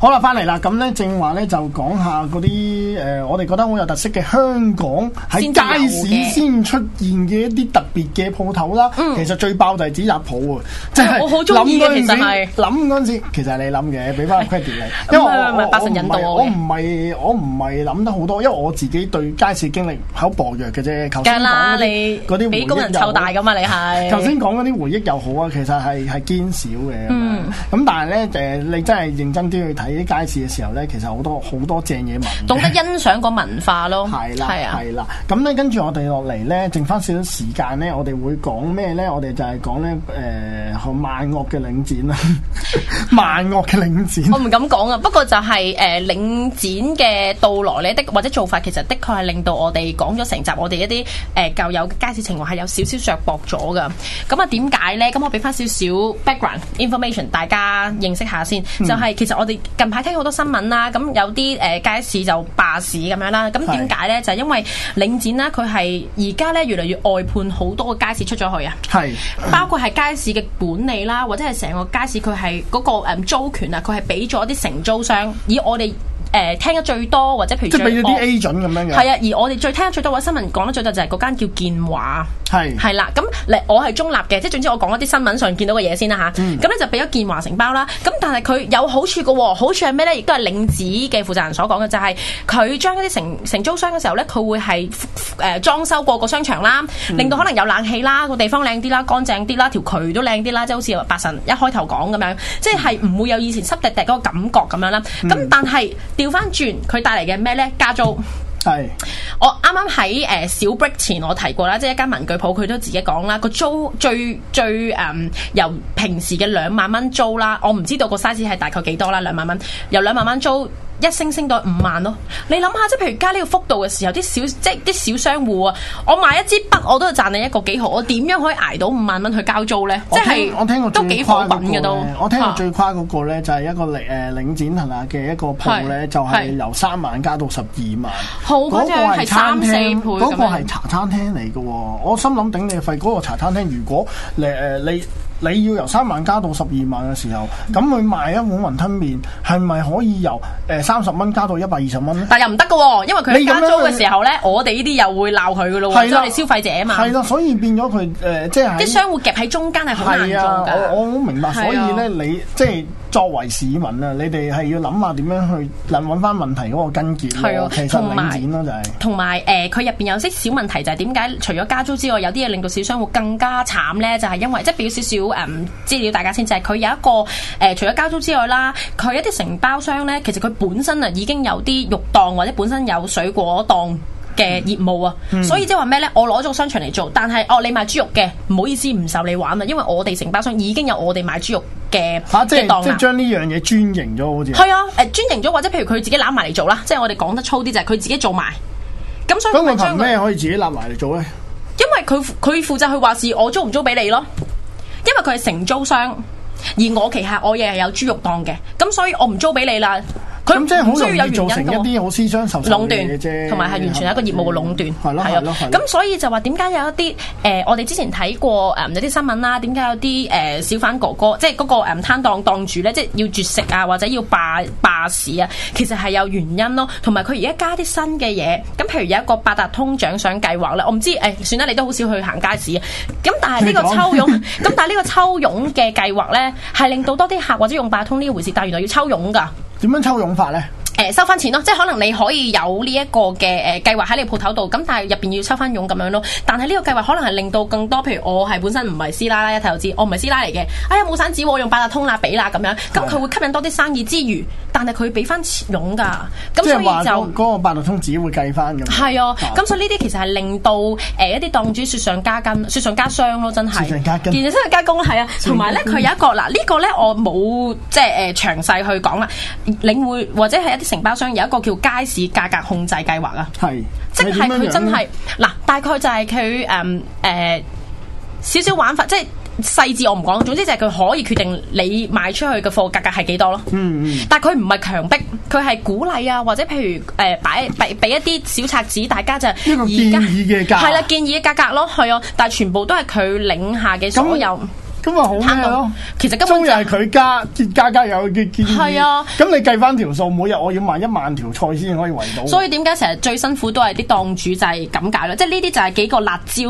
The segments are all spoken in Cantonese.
好啦，翻嚟啦，咁咧正話咧就講下嗰啲誒，我哋覺得好有特色嘅香港喺街市先出現嘅一啲特別嘅鋪頭啦、嗯。其實最爆紫紫、欸、就係紙紮鋪即係我好中意嘅。其實諗陣時，時，其實你諗嘅，俾翻 credit 你。因為我唔係八神我唔係我唔係諗得好多，因為我自己對街市經歷好薄弱嘅啫。頭先你嗰啲俾工人湊大噶嘛？你係頭先講嗰啲回憶又好啊，其實係係堅少嘅。嗯，咁但係咧誒，你真係認真啲去睇。喺啲街市嘅時候咧，其實好多好多正嘢聞。懂得欣賞個文化咯，係啦，係啦。咁咧跟住我哋落嚟咧，剩翻少少時間咧，我哋會講咩咧？我哋就係講咧，誒、呃，好，萬惡嘅領展啦，萬惡嘅領展。 領展 我唔敢講啊，不過就係、是、誒、呃、領展嘅到來咧的，或者做法其實的確係令到我哋講咗成集我哋一啲誒、呃、舊有嘅街市情況係有少少削薄咗噶。咁啊點解咧？咁我俾翻少少 background information 大家認識下先。 就係其實我哋。 近排聽好多新聞啦，咁有啲誒街市就霸市咁樣啦，咁點解呢？就係因為領展啦，佢係而家呢越嚟越外判好多街街個街市出咗去啊，包括係街市嘅管理啦，或者係成個街市佢係嗰個租權啊，佢係俾咗啲承租商以我哋。誒、呃、聽得最多或者譬如即係俾咗啲 A 準咁樣嘅係啊，而我哋最聽得最多嘅新聞講得最多就係嗰間叫建華係係啦，咁、嗯、我係中立嘅，即係總之我講一啲新聞上見到嘅嘢先啦吓，咁、嗯、咧、嗯、就俾咗建華承包啦，咁但係佢有好處嘅喎，好處係咩咧？亦都係領子嘅負責人所講嘅就係、是、佢將一啲承承租商嘅時候咧，佢會係誒、呃、裝修過個商場啦，令到可能有冷氣啦，個地方靚啲啦，乾淨啲啦，條渠都靚啲啦，即好似八神一開頭講咁樣，即係唔會有以前濕滴滴嗰個感覺咁樣啦。咁、嗯、但係調翻轉，佢帶嚟嘅咩呢？加租係，我啱啱喺誒小 break 前，我提過啦，即係一間文具鋪，佢都自己講啦，個租最最誒、嗯、由平時嘅兩萬蚊租啦，我唔知道個 size 係大概幾多啦，兩萬蚊由兩萬蚊租。一升升到五萬咯，你諗下即係譬如加呢個幅度嘅時候，啲小即係啲小商戶啊，我買一支筆我都係賺你一個幾毫，我點樣可以捱到五萬蚊去交租咧？即係我聽過最誇嗰個咧，我聽過最誇嗰、嗰個咧就係一個領誒展係嘛嘅一個鋪咧，就係由三萬加到十二萬。好嗰個係三四倍，嗰個係茶餐廳嚟嘅。我心諗頂你肺，嗰、嗰個茶餐廳如果誒、呃、你你要由三萬加到十二萬嘅時候，咁佢賣一碗雲吞麵係咪可以由誒？呃三十蚊加到一百二十蚊但又唔得嘅喎，因為佢加租嘅時候咧，我哋呢啲又會鬧佢㗎咯喎，即係消費者啊嘛。係啦，所以變咗佢、呃、即係啲商戶夾喺中間係好難做㗎。啊，我我好明白，所以咧你即係。作為市民啊，你哋係要諗下點樣去揾揾翻問題嗰個根結。係啊，同埋，同埋誒，佢入邊有啲小問題就係點解除咗加租之外，有啲嘢令到小商戶更加慘呢？就係、是、因為即係、就是、表少少誒資料大家先，就係、是、佢有一個誒、呃，除咗加租之外啦，佢一啲承包商呢，其實佢本身啊已經有啲肉檔或者本身有水果檔嘅業務啊、嗯，所以即係話咩呢？我攞咗個商場嚟做，但係哦，你賣豬肉嘅，唔好意思，唔受你玩啊，因為我哋承包商已經有我哋賣豬肉。嘅嘅檔即係將呢樣嘢專營咗好似。係啊，將專營咗、啊呃、或者譬如佢自己攬埋嚟做啦，即係我哋講得粗啲就係、是、佢自己做埋。咁所以佢我憑咩可以自己攬埋嚟做呢？因為佢佢負責去話事，我租唔租俾你咯，因為佢係承租商，而我旗下我亦係有豬肉檔嘅，咁所以我唔租俾你啦。咁即係好容易造成一啲好思想受損嘅嘢啫，同埋係完全係一個業務嘅壟斷。係咯，係咯，咁所以就話點解有一啲誒、呃，我哋之前睇過誒、嗯、有啲新聞啦、啊，點解有啲誒、呃、小販哥哥，即係嗰個誒、嗯、攤檔檔主咧，即係要絕食啊，或者要霸霸市啊，其實係有原因咯。同埋佢而家加啲新嘅嘢，咁譬如有一個八達通獎賞計劃啦，我唔知誒、哎，算啦，你都好少去行街市。咁但係呢個抽傭，咁但係呢個抽傭嘅計劃咧，係 令到多啲客或者用八達通呢回事，但原來要抽傭噶。點樣抽用法呢？誒收翻錢咯，即係可能你可以有呢一個嘅誒計劃喺你鋪頭度，咁但係入邊要收翻傭咁樣咯。但係呢個計劃可能係令到更多，譬如我係本身唔係師奶啦，一睇就知，我唔係師奶嚟嘅。哎呀冇散紙我用八達通啦，俾啦咁樣。咁佢會吸引多啲生意之餘，但係佢俾翻錢傭㗎。咁所以就嗰、就是、個八達通自己會計翻咁。係啊，咁所以呢啲其實係令到誒一啲檔主雪上加筋、雪上加霜咯，真係。雪上加筋，其實雪上加，是加工係啊。同埋咧，佢有一個嗱，呢、這個咧我冇即係誒詳細去講啦，領會或者係一啲。承包商有一個叫街市價格控制計劃啊，即係佢真係嗱，大概就係佢誒誒少少玩法，即係細節我唔講，總之就係佢可以決定你賣出去嘅貨價格係幾多咯。嗯，嗯，但係佢唔係強迫，佢係鼓勵啊，或者譬如誒擺俾俾一啲小冊子，大家就係建議嘅價，係啦，建議嘅價格咯，係啊，但係全部都係佢領下嘅所有。今日好係咯，其實根本日係佢家，家家有啲建議。係啊，咁你計翻條數，每日我要賣一萬條菜先可以圍到。所以點解成日最辛苦都係啲檔主就係咁解咯。即係呢啲就係幾個辣椒，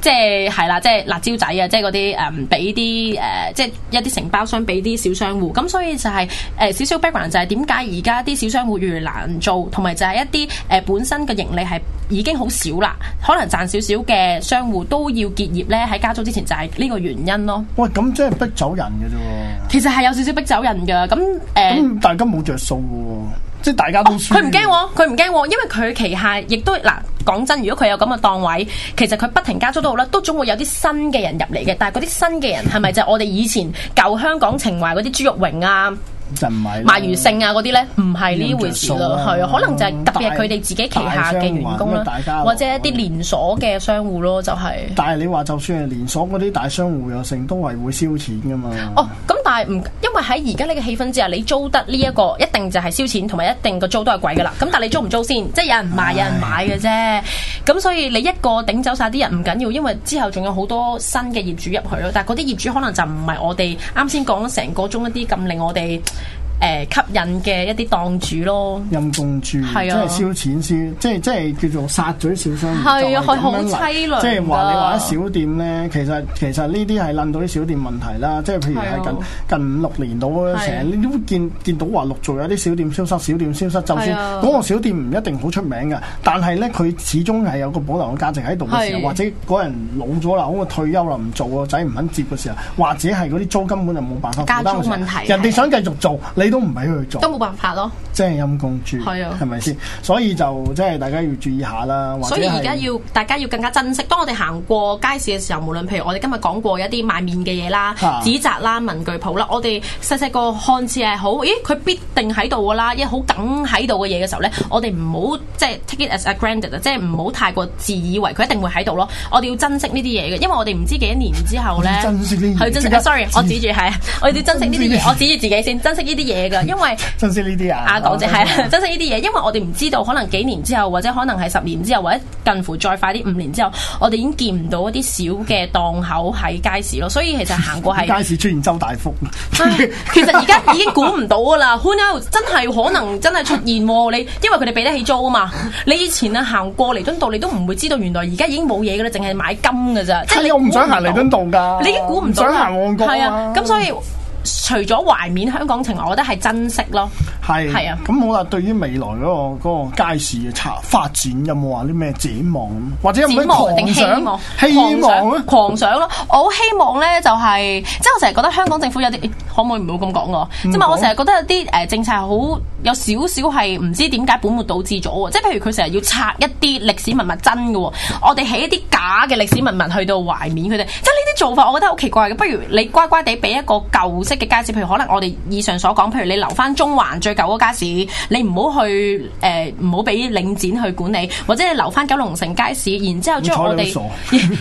即係係啦，即係辣椒仔啊，即係嗰啲誒，俾啲即係一啲、誒、承包商俾啲小商戶。咁所以就係少少 background 就係點解而家啲小商戶越嚟越難做，同埋就係一啲、呃、本身嘅盈利係。已經好少啦，可能賺少少嘅商戶都要結業咧。喺加租之前就係呢個原因咯。喂，咁即係逼走人嘅啫。其實係有少少逼走人噶，咁、嗯、誒，咁大家冇着數喎，即係大家都輸。佢唔驚，佢唔驚，因為佢旗下亦都嗱，講真，如果佢有咁嘅檔位，其實佢不停加租都好啦，都總會有啲新嘅人入嚟嘅。但係嗰啲新嘅人係咪就係我哋以前舊香港情懷嗰啲豬肉榮啊？就唔係賣魚勝啊嗰啲咧，唔係呢回事咯，係、啊，啊、嗯，可能就係特別係佢哋自己旗下嘅員工咯，或者一啲連鎖嘅商戶咯，就係、是。但係你話就算係，連鎖嗰啲大商戶，又成都係會燒錢㗎嘛？哦，咁。但係唔，因為喺而家呢個氣氛之下，你租得呢一個一定就係燒錢，同埋一定個租都係貴噶啦。咁但係你租唔租先？即係有人賣，有人買嘅啫。咁所以你一個頂走晒啲人唔緊要，因為之後仲有好多新嘅業主入去咯。但係嗰啲業主可能就唔係我哋啱先講咗成個鐘一啲咁令我哋。誒吸引嘅一啲檔主咯，任供住，係啊、即係燒錢先，即係即係叫做殺咗啲小生意。係啊，好淒涼，即係話你話啲小店咧，其實其實呢啲係諗到啲小店問題啦。即係譬如係近、啊、近五六年度，成日都、啊、見見，見到話陸續有啲小店消失，小店消失。啊、就算嗰個小店唔一定好出名嘅，但係咧佢始終係有個保留嘅價值喺度嘅時候，或者嗰人老咗啦，我退休啦，唔做啊，仔唔肯接嘅時候，或者係嗰啲租根本就冇辦法。價錢問題。人哋想繼續做，啊、你。都唔畀佢去做，都冇辦法咯。即係陰公住，係啊，係咪先？所以就即係大家要注意一下啦。所以而家要大家要更加珍惜。當我哋行過街市嘅時候，無論譬如我哋今日講過一啲賣麵嘅嘢啦、紙紮啦、文具鋪啦，我哋細細個看似係好，咦？佢必定喺度㗎啦，一好梗喺度嘅嘢嘅時候咧，我哋唔好即係 take it as granted 即係唔好太過自以為佢一定會喺度咯。我哋要珍惜呢啲嘢嘅，因為我哋唔知幾多年之後咧，珍惜呢係，珍惜 Sorry，我指住係，我哋要珍惜呢啲嘢。我指住，住自己先，珍惜呢啲嘢。嘢噶，因為珍惜呢啲啊，啊，港姐係珍惜呢啲嘢，因為我哋唔知道，可能幾年之後，或者可能係十年之後，或者近乎再快啲五年之後，我哋已經見唔到一啲小嘅檔口喺街市咯。所以其實行過係街市出現周大福、哎，其實而家已經估唔到噶啦 Who knows 真係可能真係出現，你因為佢哋俾得起租啊嘛。你以前啊行過彌敦道，你都唔會知道，原來而家已經冇嘢噶啦，淨係買金噶咋、哎。即係我唔想行彌敦道噶、啊，你已經估唔到唔想行旺角係啊，咁、啊、所以。除咗懷緬香港情，我覺得係珍惜咯。係，咁好啦。對於未來嗰個街市嘅拆發展，有冇話啲咩展望，或者有冇啲狂想、望希望咧、啊？狂想咯！我好希望咧、就係，就係即係我成日覺得香港政府有啲、欸，可唔可以唔好咁講我？即係咪我成日覺得有啲誒政策好有少少係唔知點解本末倒置咗喎？即係譬如佢成日要拆一啲歷史文物真嘅，我哋起一啲假嘅歷史文物去到懷緬佢哋，即係呢啲做法我覺得好奇怪嘅。不如你乖乖地俾一個舊式嘅街市，譬如可能我哋以上所講，譬如你留翻中環最。九個街市，你唔好去誒，唔好俾領展去管理，或者你留翻九龍城街市，然之後將我哋，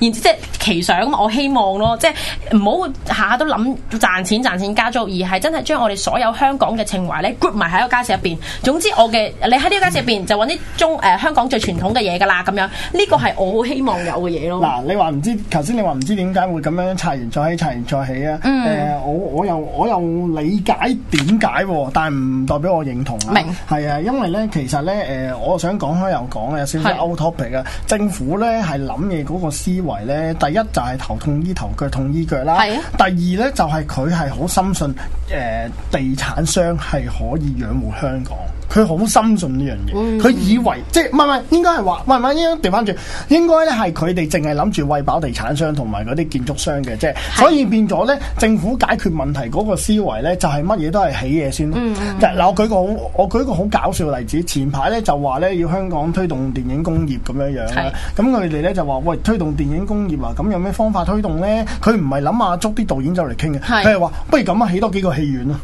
然即係其想。我希望咯，即係唔好下下都諗賺錢賺錢加租，而係真係將我哋所有香港嘅情懷咧 group 埋喺個街市入邊。總之我的，我嘅你喺呢個街市入邊就揾啲中誒、呃、香港最傳統嘅嘢噶啦，咁樣呢、這個係我好希望有嘅嘢咯。嗱，你話唔知頭先你話唔知點解會咁樣拆完再起，拆完再起啊？誒、嗯呃，我我又我又理解點解，但係唔俾我認同啊，係啊，因為咧，其實咧，誒、呃，我想講開又講啊，有少少 out topic 啊，政府咧係諗嘢嗰個思維咧，第一就係頭痛醫頭，腳痛醫腳啦，啊、第二咧就係佢係好深信誒、呃、地產商係可以養護香港。佢好深信呢樣嘢，佢以為即係唔係唔係，應該係話，唔係唔係，應該調翻轉，應該咧係佢哋淨係諗住喂飽地產商同埋嗰啲建築商嘅，即係所以變咗咧，政府解決問題嗰個思維咧，就係乜嘢都係起嘢先咯。嗱，我舉個我舉一個好搞笑嘅例子，前排咧就話咧要香港推動電影工業咁樣樣咧，咁佢哋咧就話喂，推動電影工業啊，咁有咩方法推動咧？佢唔係諗下捉啲導演來就嚟傾嘅，佢係話不如咁啊，起多幾個戲院咯，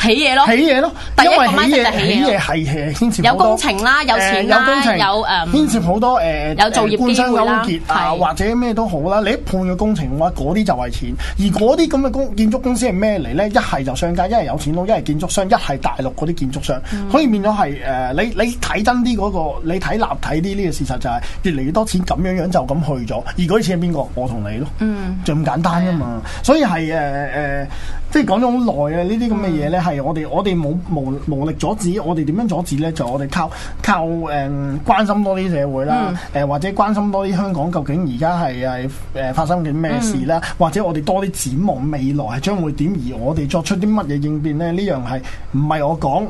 起嘢咯，起嘢咯，因為起嘢起嘢牽涉有工程啦，有錢啦、呃、有工程有誒，um, 牽涉好多誒、呃。有做業機會啦、呃、官商勾結啊，或者咩都好啦。你一判個工程嘅話，嗰啲就係錢。而嗰啲咁嘅工建築公司係咩嚟咧？一係就商家，一係有錢佬，一係建築商，一係大陸嗰啲建築商。所、嗯、以變咗係誒，你你睇真啲嗰、那個，你睇立體啲呢、這個事實就係越嚟越多錢咁樣樣就咁去咗。而嗰啲錢係邊個？我同你咯，就、嗯、咁簡單啊嘛。所以係誒誒。呃呃。即係講咗好耐啊！呢啲咁嘅嘢呢，係、嗯、我哋我哋冇無、無、無力阻止，我哋點樣阻止呢？就係、我哋靠靠誒、嗯、關心多啲社會啦，誒、嗯、或者關心多啲香港究竟而家係係誒發生緊咩事啦、嗯，或者我哋多啲展望未來係將會點，而我哋作出啲乜嘢應變呢？呢樣係唔係我講？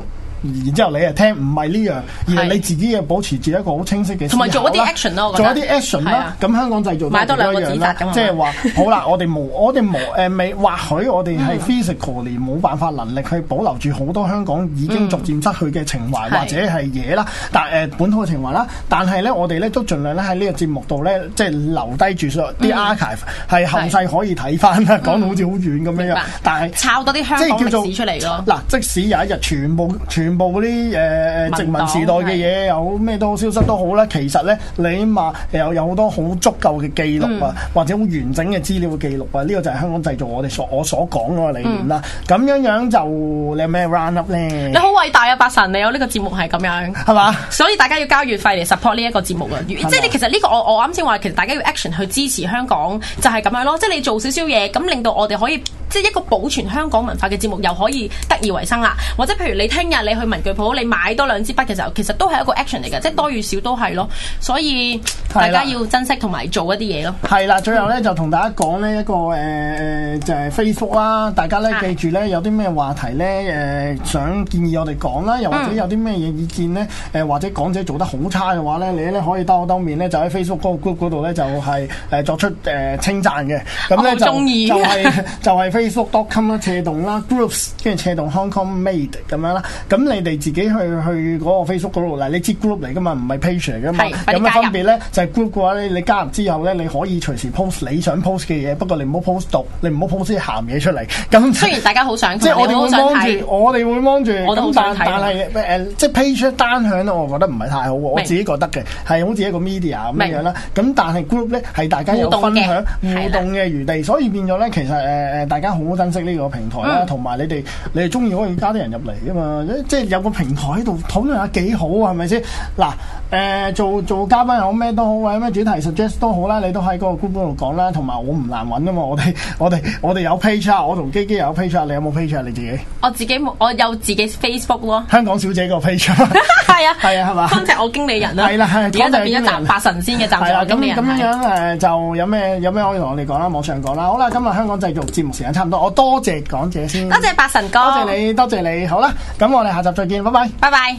然之後你啊聽唔係呢樣，而係你自己又保持住一個好清晰嘅，同埋做一啲 action 咯，做一啲 action 啦、啊。咁香港製造就一樣買多兩個字咁，即係話好啦，我哋冇我哋冇誒未，或許我哋係 physical 年冇辦法能力去保留住好多香港已經逐漸失去嘅情懷、嗯、或者係嘢啦，但誒本土嘅情懷啦，但係咧我哋咧都盡量咧喺呢個節目度咧、嗯，即係留低住啲 archive 係後世可以睇翻、嗯，講到好似好遠咁樣，但係抄多啲香港歷史出嚟咯。嗱，即使有一日全部全部冇嗰啲誒殖民時代嘅嘢，有咩都消失都好啦。其實咧，你起碼有好多好足夠嘅記錄啊，嗯、或者好完整嘅資料嘅記錄啊。呢、呢個就係香港製造我哋所我所講嘅理念啦。咁、嗯、樣樣就你有咩 round up 咧？你好偉大啊，八神！你有呢個節目係咁樣，係嘛？所以大家要交月費嚟 support 呢一個節目啊！即係你其實呢個我我啱先話，其實大家要 action 去支持香港，就係、係、咁樣咯。即係你做少少嘢，咁令到我哋可以。即係一個保存香港文化嘅節目，又可以得以維生啦。或者譬如你聽日你去文具鋪，你買多兩支筆嘅時候，其實都係一個 action 嚟嘅，即係多與少都係咯。所以大家要珍惜同埋做一啲嘢咯。係啦，最後咧就同大家講呢一個誒誒、呃、就係、是、Facebook 啦，大家咧記住咧有啲咩話題咧誒、呃、想建議我哋講啦，又或者有啲咩嘢意見咧誒或者港姐做得好差嘅話咧，你咧可以當我當面咧就喺 Facebook 嗰個 group 度咧就係、是、誒作出誒稱、呃、讚嘅。咁咧就就係、是、就係、是。 Facebook.com 啦，斜動啦，groups 跟住斜動 Hong Kong Made 咁樣啦。咁你哋自己去去嗰個 Facebook 嗰度啦。你知、就是、group 嚟噶嘛？唔係 page 嚟噶嘛？咁嘅分別咧就係 group 嘅話咧，你加入之後咧，你可以隨時 post 你想 post 嘅嘢，不過你唔好 post 毒，你唔好 post 啲鹹嘢出嚟。雖然、就是、大家好想，即係我哋會望住，我哋會望住。但係誒，即係 page 單向我覺得唔係太好喎。我自己覺得嘅係好似一個 media 咁樣啦。咁但係 group 咧係大家有分享互動嘅餘地，所以變咗咧其實、呃、大家。而家好好珍惜呢個平台啦，同、嗯、埋你哋你哋中意可以加啲人入嚟啊嘛？即係有個平台喺度討論下幾好啊，係咪先？嗱誒、呃，做做嘉賓又好咩都好，或者咩主題 suggest 都好啦，你都喺嗰個 group 度講啦。同埋我唔難揾啊嘛，我哋我哋我哋有 page 啊，我同基基有 page，你有冇 page 啊？你自己？我自己冇我有自己 Facebook 咯。香港小姐個 page 係 是啊係 啊係嘛？感謝我經理人啦，係啦係，而家就變咗一集八神仙嘅集啦。咁、啊、樣咁樣、呃、就有咩有咩可以同我哋講啦？網上講啦。好啦，今日香港製造節目時間。差唔多，我多謝港姐先。多謝八神哥，多謝你，多謝你，好啦，咁我哋下集再見，拜拜。拜拜。